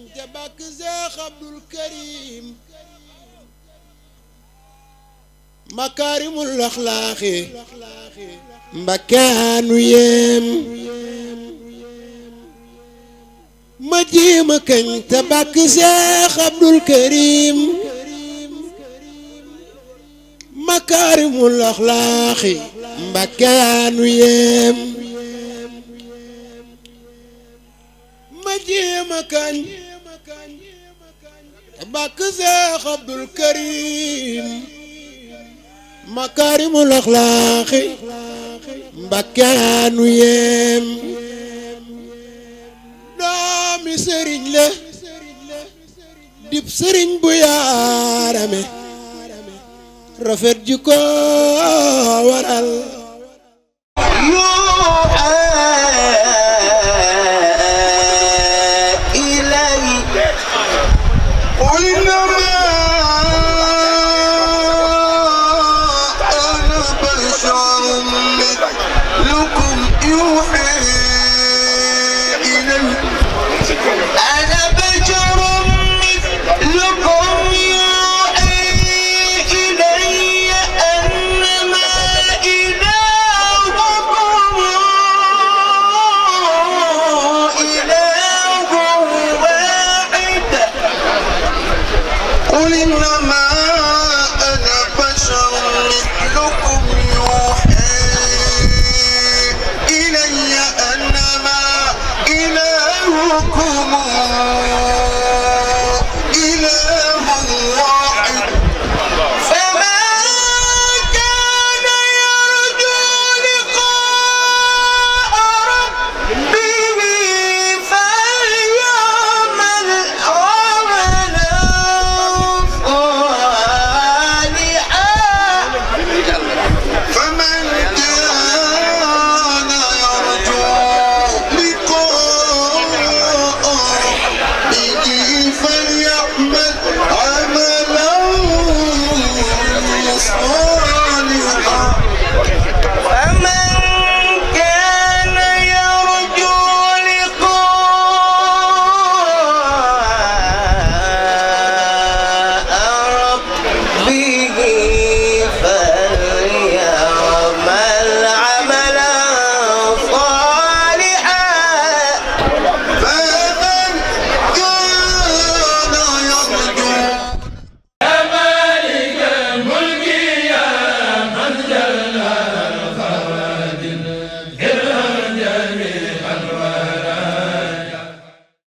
dañ ca bàkk Seex Abdul Karim makaarimul axlaaxi mbakkaanu yem ma jiima kañ te bàkk Seex Abdul Karim makaarimul axlaaxi mbakkaanu yem ma jéema kañ bakk Seex Abdul Karim makaarimul axlaaqi mbakkaanu yem doomi sëriñ la dib sëriñ bu yaarame rafet ji ko waral لكم يوحي إلي أنما إلهكم